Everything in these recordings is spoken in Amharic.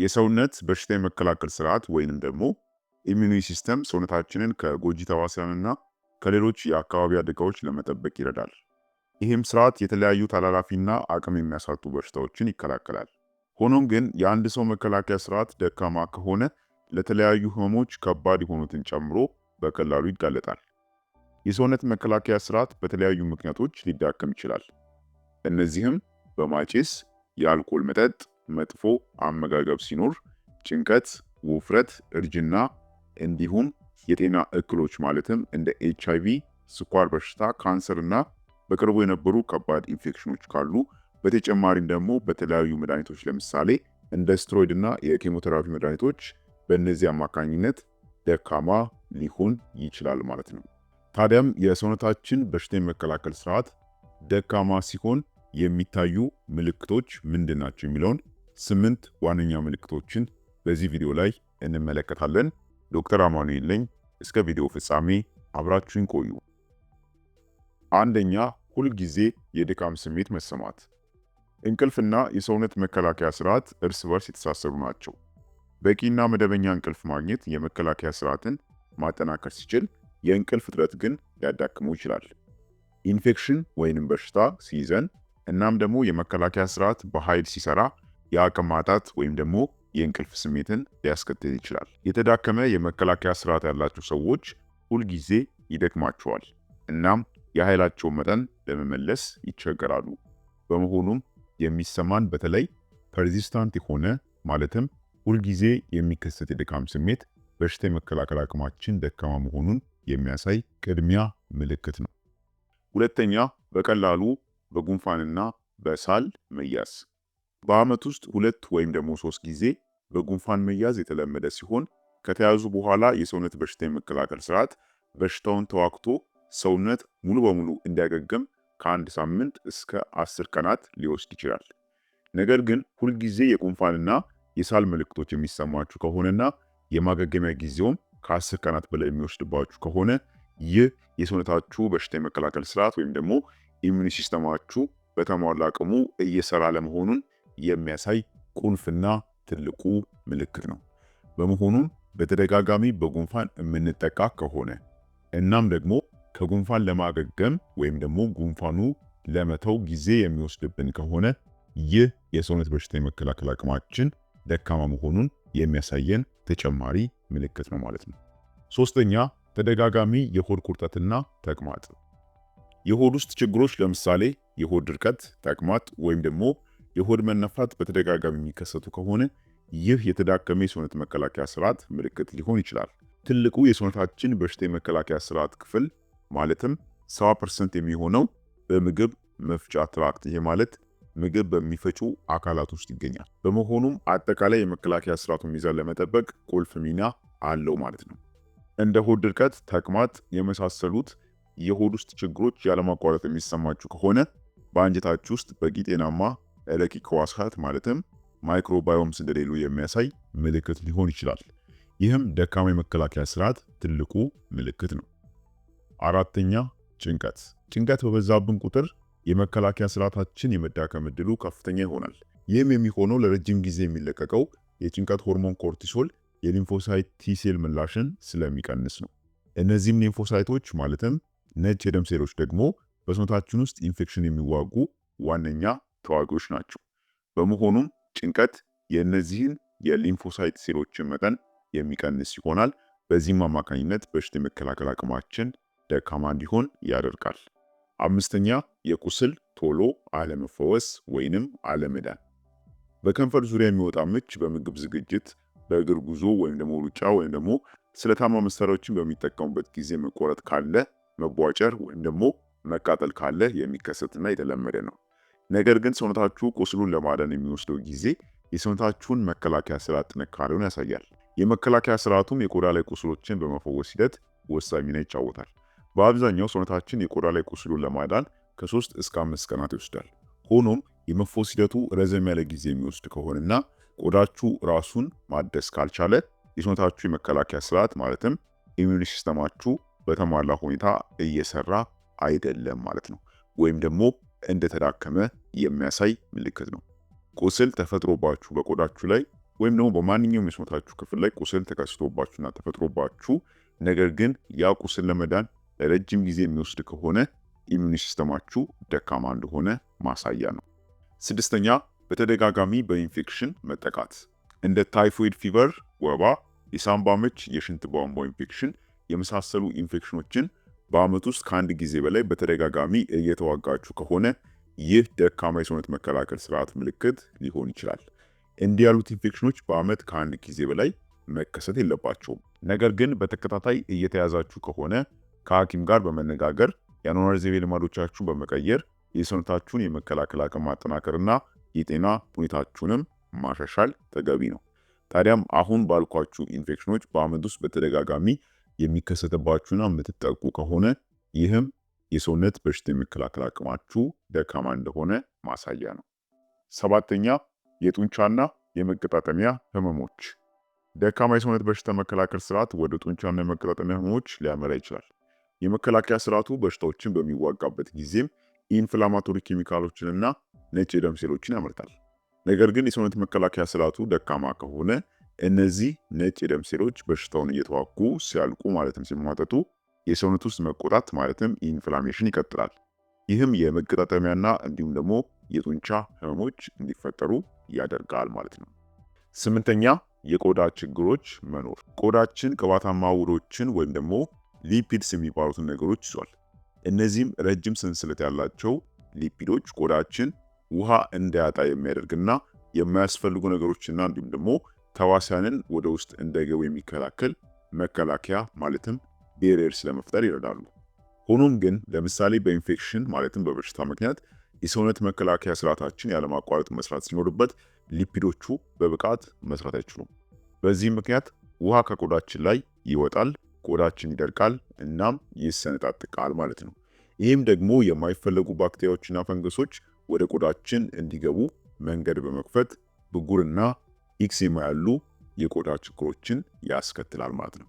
የሰውነት በሽታ የመከላከል ስርዓት ወይንም ደግሞ ኢሚኒ ሲስተም ሰውነታችንን ከጎጂ ተዋሲያንና ከሌሎች የአካባቢ አደጋዎች ለመጠበቅ ይረዳል። ይህም ስርዓት የተለያዩ ተላላፊና አቅም የሚያሳጡ በሽታዎችን ይከላከላል። ሆኖም ግን የአንድ ሰው መከላከያ ስርዓት ደካማ ከሆነ ለተለያዩ ህመሞች ከባድ የሆኑትን ጨምሮ በቀላሉ ይጋለጣል። የሰውነት መከላከያ ስርዓት በተለያዩ ምክንያቶች ሊዳከም ይችላል። እነዚህም በማጭስ፣ የአልኮል መጠጥ መጥፎ አመጋገብ ሲኖር ጭንቀት፣ ውፍረት፣ እርጅና እንዲሁም የጤና እክሎች ማለትም እንደ ኤች አይቪ፣ ስኳር በሽታ፣ ካንሰር እና በቅርቡ የነበሩ ከባድ ኢንፌክሽኖች ካሉ በተጨማሪም ደግሞ በተለያዩ መድኃኒቶች ለምሳሌ እንደ ስትሮይድ እና የኬሞቴራፒ መድኃኒቶች በእነዚህ አማካኝነት ደካማ ሊሆን ይችላል ማለት ነው። ታዲያም የሰውነታችን በሽታ የመከላከል ስርዓት ደካማ ሲሆን የሚታዩ ምልክቶች ምንድን ናቸው የሚለውን ስምንት ዋነኛ ምልክቶችን በዚህ ቪዲዮ ላይ እንመለከታለን። ዶክተር አማኑኤል ነኝ። እስከ ቪዲዮ ፍጻሜ አብራችሁን ቆዩ። አንደኛ፣ ሁልጊዜ የድካም ስሜት መሰማት። እንቅልፍና የሰውነት መከላከያ ስርዓት እርስ በርስ የተሳሰሩ ናቸው። በቂና መደበኛ እንቅልፍ ማግኘት የመከላከያ ስርዓትን ማጠናከር ሲችል፣ የእንቅልፍ እጥረት ግን ሊያዳክመው ይችላል። ኢንፌክሽን ወይንም በሽታ ሲይዘን እናም ደግሞ የመከላከያ ስርዓት በኃይል ሲሰራ የአቅም ማጣት ወይም ደግሞ የእንቅልፍ ስሜትን ሊያስከትል ይችላል። የተዳከመ የመከላከያ ስርዓት ያላቸው ሰዎች ሁልጊዜ ይደክማቸዋል፣ እናም የኃይላቸውን መጠን ለመመለስ ይቸገራሉ። በመሆኑም የሚሰማን በተለይ ፐርዚስታንት የሆነ ማለትም ሁልጊዜ የሚከሰት የድካም ስሜት በሽታ የመከላከል አቅማችን ደካማ መሆኑን የሚያሳይ ቅድሚያ ምልክት ነው። ሁለተኛ፣ በቀላሉ በጉንፋንና በሳል መያዝ በዓመት ውስጥ ሁለት ወይም ደግሞ ሶስት ጊዜ በጉንፋን መያዝ የተለመደ ሲሆን ከተያዙ በኋላ የሰውነት በሽታ የመከላከል ስርዓት በሽታውን ተዋግቶ ሰውነት ሙሉ በሙሉ እንዲያገግም ከአንድ ሳምንት እስከ አስር ቀናት ሊወስድ ይችላል። ነገር ግን ሁልጊዜ የጉንፋንና የሳል ምልክቶች የሚሰማችሁ ከሆነና የማገገሚያ ጊዜውም ከአስር ቀናት በላይ የሚወስድባችሁ ከሆነ ይህ የሰውነታችሁ በሽታ የመከላከል ስርዓት ወይም ደግሞ ኢሚኒ ሲስተማችሁ በተሟላ አቅሙ እየሰራ ለመሆኑን የሚያሳይ ቁልፍና ትልቁ ምልክት ነው። በመሆኑም በተደጋጋሚ በጉንፋን የምንጠቃ ከሆነ እናም ደግሞ ከጉንፋን ለማገገም ወይም ደግሞ ጉንፋኑ ለመተው ጊዜ የሚወስድብን ከሆነ ይህ የሰውነት በሽታ የመከላከል አቅማችን ደካማ መሆኑን የሚያሳየን ተጨማሪ ምልክት ነው ማለት ነው። ሶስተኛ ተደጋጋሚ የሆድ ቁርጠትና ተቅማጥ። የሆድ ውስጥ ችግሮች ለምሳሌ የሆድ ድርቀት፣ ተቅማጥ ወይም ደግሞ የሆድ መነፋት በተደጋጋሚ የሚከሰቱ ከሆነ ይህ የተዳከመ የሰውነት መከላከያ ስርዓት ምልክት ሊሆን ይችላል። ትልቁ የሰውነታችን በሽታ የመከላከያ ስርዓት ክፍል ማለትም 70% የሚሆነው በምግብ መፍጫ ትራክት ይሄ ማለት ምግብ በሚፈጩ አካላት ውስጥ ይገኛል። በመሆኑም አጠቃላይ የመከላከያ ስርዓቱ ሚዛን ለመጠበቅ ቁልፍ ሚና አለው ማለት ነው። እንደ ሆድ ድርቀት፣ ተቅማጥ የመሳሰሉት የሆድ ውስጥ ችግሮች ያለማቋረጥ የሚሰማችሁ ከሆነ በአንጀታችሁ ውስጥ በቂ ጤናማ ረቂቅ ሕዋሳት ማለትም ማይክሮባዮምስ እንደሌሉ የሚያሳይ ምልክት ሊሆን ይችላል። ይህም ደካማ የመከላከያ ስርዓት ትልቁ ምልክት ነው። አራተኛ ጭንቀት። ጭንቀት በበዛብን ቁጥር የመከላከያ ስርዓታችን የመዳከም እድሉ ከፍተኛ ይሆናል። ይህም የሚሆነው ለረጅም ጊዜ የሚለቀቀው የጭንቀት ሆርሞን ኮርቲሶል የሊምፎሳይት ቲሴል ምላሽን ስለሚቀንስ ነው። እነዚህም ሊምፎሳይቶች ማለትም ነጭ የደም ሴሎች ደግሞ በሰውነታችን ውስጥ ኢንፌክሽን የሚዋጉ ዋነኛ ተዋጊዎች ናቸው። በመሆኑም ጭንቀት የእነዚህን የሊምፎሳይት ሴሎችን መጠን የሚቀንስ ይሆናል። በዚህም አማካኝነት በሽታ የመከላከል አቅማችን ደካማ እንዲሆን ያደርጋል። አምስተኛ የቁስል ቶሎ አለመፈወስ ወይንም አለመዳን። በከንፈር ዙሪያ የሚወጣ ምች በምግብ ዝግጅት፣ በእግር ጉዞ ወይም ደግሞ ሩጫ ወይም ደግሞ ስለታማ መሳሪያዎችን በሚጠቀሙበት ጊዜ መቆረጥ ካለ፣ መቧጨር ወይም ደግሞ መቃጠል ካለ የሚከሰትና የተለመደ ነው። ነገር ግን ሰውነታችሁ ቁስሉን ለማዳን የሚወስደው ጊዜ የሰውነታችሁን መከላከያ ስርዓት ጥንካሬውን ያሳያል። የመከላከያ ስርዓቱም የቆዳ ላይ ቁስሎችን በመፈወስ ሂደት ወሳኝ ሚና ይጫወታል። በአብዛኛው ሰውነታችን የቆዳ ላይ ቁስሉን ለማዳን ከሶስት እስከ አምስት ቀናት ይወስዳል። ሆኖም የመፈወስ ሂደቱ ረዘም ያለ ጊዜ የሚወስድ ከሆነና ቆዳችሁ ራሱን ማደስ ካልቻለ የሰውነታችሁ የመከላከያ ስርዓት ማለትም ኢሚዩን ሲስተማችሁ በተሟላ ሁኔታ እየሰራ አይደለም ማለት ነው፣ ወይም ደግሞ እንደተዳከመ የሚያሳይ ምልክት ነው። ቁስል ተፈጥሮባችሁ በቆዳችሁ ላይ ወይም ደግሞ በማንኛውም የሰውነታችሁ ክፍል ላይ ቁስል ተከስቶባችሁና ተፈጥሮባችሁ ነገር ግን ያ ቁስል ለመዳን ለረጅም ጊዜ የሚወስድ ከሆነ ኢሚኒ ሲስተማችሁ ደካማ እንደሆነ ማሳያ ነው። ስድስተኛ በተደጋጋሚ በኢንፌክሽን መጠቃት እንደ ታይፎይድ ፊቨር፣ ወባ፣ የሳምባ ምች፣ የሽንት ቧንቧ ኢንፌክሽን የመሳሰሉ ኢንፌክሽኖችን በአመት ውስጥ ከአንድ ጊዜ በላይ በተደጋጋሚ እየተዋጋችሁ ከሆነ ይህ ደካማ የሰውነት መከላከል ስርዓት ምልክት ሊሆን ይችላል። እንዲህ ያሉት ኢንፌክሽኖች በዓመት ከአንድ ጊዜ በላይ መከሰት የለባቸውም። ነገር ግን በተከታታይ እየተያዛችሁ ከሆነ ከሐኪም ጋር በመነጋገር የአኗኗር ዘይቤ ልማዶቻችሁን በመቀየር የሰውነታችሁን የመከላከል አቅም ማጠናከርና የጤና ሁኔታችሁንም ማሻሻል ተገቢ ነው። ታዲያም አሁን ባልኳችሁ ኢንፌክሽኖች በዓመት ውስጥ በተደጋጋሚ የሚከሰትባችሁና የምትጠቁ ከሆነ ይህም የሰውነት በሽታ የመከላከል አቅማችሁ ደካማ እንደሆነ ማሳያ ነው። ሰባተኛ የጡንቻና የመገጣጠሚያ ህመሞች። ደካማ የሰውነት በሽታ መከላከል ስርዓት ወደ ጡንቻና የመገጣጠሚያ ህመሞች ሊያመራ ይችላል። የመከላከያ ስርዓቱ በሽታዎችን በሚዋጋበት ጊዜም ኢንፍላማቶሪ ኬሚካሎችንና ነጭ የደም ሴሎችን ያመርታል። ነገር ግን የሰውነት መከላከያ ስርዓቱ ደካማ ከሆነ እነዚህ ነጭ የደም ሴሎች በሽታውን እየተዋጉ ሲያልቁ ማለትም ሲሟጠጡ የሰውነት ውስጥ መቆጣት ማለትም ኢንፍላሜሽን ይቀጥላል። ይህም የመገጣጠሚያና እንዲሁም ደግሞ የጡንቻ ህመሞች እንዲፈጠሩ ያደርጋል ማለት ነው። ስምንተኛ የቆዳ ችግሮች መኖር። ቆዳችን ቅባታማ ውህዶችን ወይም ደግሞ ሊፒድስ የሚባሉትን ነገሮች ይዟል። እነዚህም ረጅም ሰንሰለት ያላቸው ሊፒዶች ቆዳችን ውሃ እንዳያጣ የሚያደርግና የማያስፈልጉ ነገሮችና እንዲሁም ደግሞ ተዋሲያንን ወደ ውስጥ እንዳይገቡ የሚከላከል መከላከያ ማለትም ቤሪየርስ ለመፍጠር ይረዳሉ። ሆኖም ግን ለምሳሌ በኢንፌክሽን ማለትም በበሽታ ምክንያት የሰውነት መከላከያ ስርዓታችን ያለማቋረጥ መስራት ሲኖርበት ሊፒዶቹ በብቃት መስራት አይችሉም። በዚህም ምክንያት ውሃ ከቆዳችን ላይ ይወጣል፣ ቆዳችን ይደርቃል፣ እናም ይሰነጣጥቃል ማለት ነው። ይህም ደግሞ የማይፈለጉ ባክቴሪያዎችና ፈንገሶች ወደ ቆዳችን እንዲገቡ መንገድ በመክፈት ብጉርና ኢክስ ያሉ የቆዳ ችግሮችን ያስከትላል ማለት ነው።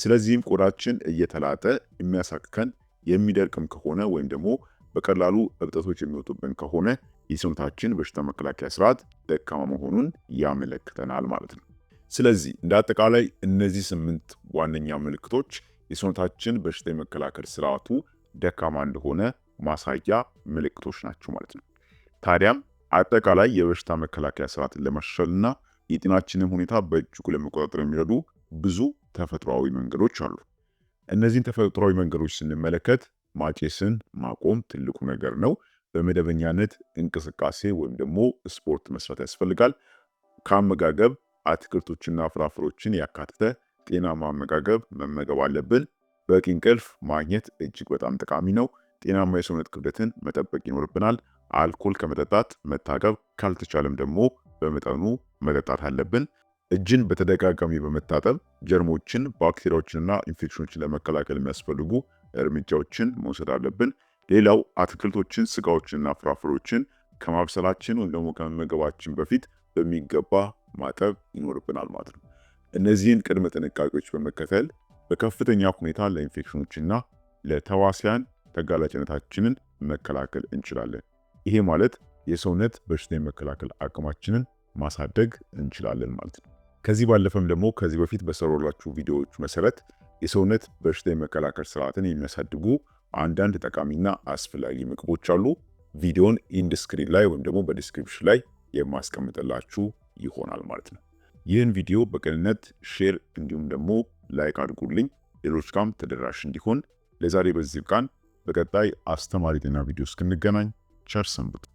ስለዚህም ቆዳችን እየተላጠ የሚያሳክከን የሚደርቅም ከሆነ ወይም ደግሞ በቀላሉ እብጠቶች የሚወጡብን ከሆነ የሰውነታችን በሽታ መከላከያ ስርዓት ደካማ መሆኑን ያመለክተናል ማለት ነው። ስለዚህ እንደ አጠቃላይ እነዚህ ስምንት ዋነኛ ምልክቶች የሰውነታችን በሽታ የመከላከል ስርዓቱ ደካማ እንደሆነ ማሳያ ምልክቶች ናቸው ማለት ነው። ታዲያም አጠቃላይ የበሽታ መከላከያ ስርዓትን ለማሻሻልና የጤናችንን ሁኔታ በእጅጉ ለመቆጣጠር የሚረዱ ብዙ ተፈጥሯዊ መንገዶች አሉ። እነዚህን ተፈጥሯዊ መንገዶች ስንመለከት ማጨስን ማቆም ትልቁ ነገር ነው። በመደበኛነት እንቅስቃሴ ወይም ደግሞ ስፖርት መስራት ያስፈልጋል። ከአመጋገብ አትክልቶችና ፍራፍሮችን ያካተተ ጤናማ አመጋገብ መመገብ አለብን። በቂ እንቅልፍ ማግኘት እጅግ በጣም ጠቃሚ ነው። ጤናማ የሰውነት ክብደትን መጠበቅ ይኖርብናል። አልኮል ከመጠጣት መታቀብ ካልተቻለም ደግሞ በመጠኑ መጠጣት አለብን። እጅን በተደጋጋሚ በመታጠብ ጀርሞችን፣ ባክቴሪያዎችንና ኢንፌክሽኖችን ለመከላከል የሚያስፈልጉ እርምጃዎችን መውሰድ አለብን። ሌላው አትክልቶችን፣ ስጋዎችንና ፍራፍሬዎችን ከማብሰላችን ወይም ደግሞ ከመመገባችን በፊት በሚገባ ማጠብ ይኖርብናል ማለት ነው። እነዚህን ቅድመ ጥንቃቄዎች በመከተል በከፍተኛ ሁኔታ ለኢንፌክሽኖችና ለተዋሲያን ተጋላጭነታችንን መከላከል እንችላለን። ይሄ ማለት የሰውነት በሽታ የመከላከል አቅማችንን ማሳደግ እንችላለን ማለት ነው። ከዚህ ባለፈም ደግሞ ከዚህ በፊት በሰሩላችሁ ቪዲዮዎች መሰረት የሰውነት በሽታ የመከላከል ስርዓትን የሚያሳድጉ አንዳንድ ጠቃሚና አስፈላጊ ምግቦች አሉ። ቪዲዮን ኢንዲስክሪን ላይ ወይም ደግሞ በዲስክሪፕሽን ላይ የማስቀምጥላችሁ ይሆናል ማለት ነው። ይህን ቪዲዮ በቅንነት ሼር እንዲሁም ደግሞ ላይክ አድርጉልኝ ሌሎች ጋም ተደራሽ እንዲሆን። ለዛሬ በዚህ ቃን። በቀጣይ አስተማሪ ጤና ቪዲዮ እስክንገናኝ ቸር ሰንብቱ።